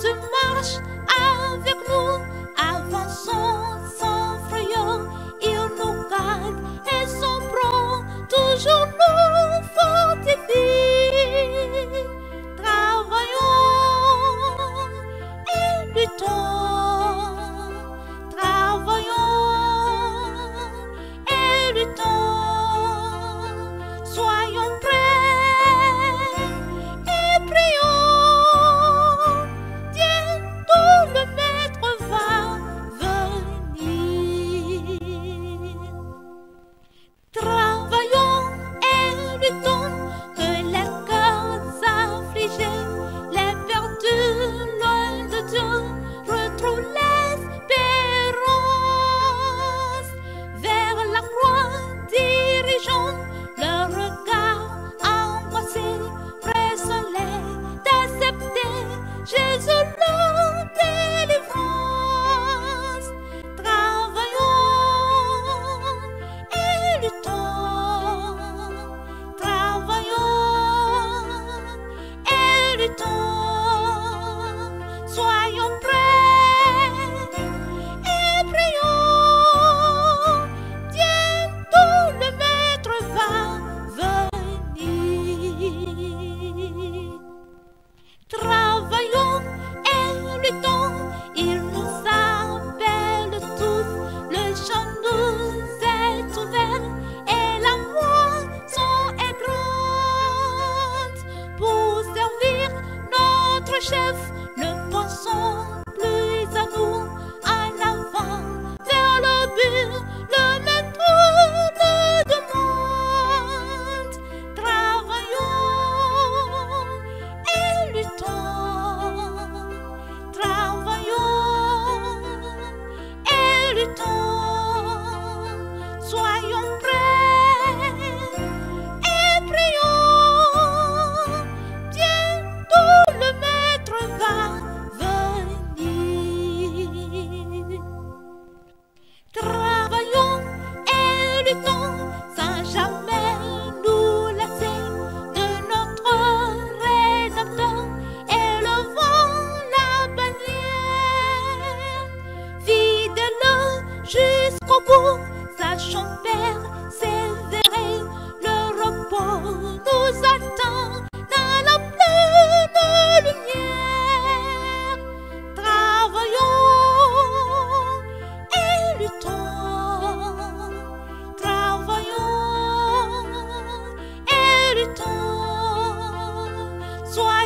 Tu marche avec nous, avançons sans frayeur, il nous garde et s'en prend toujours nous. soyons prêts et prions. tout le maître va venir. Travaillons et luttons, il nous appelle tous. Le champ nous est ouvert et la son est grande pour servir notre chef. Sachant faire vrai, Le repos nous attend dans la pleine lumière. Travaillons et luttons. Travaillons et luttons. Soyons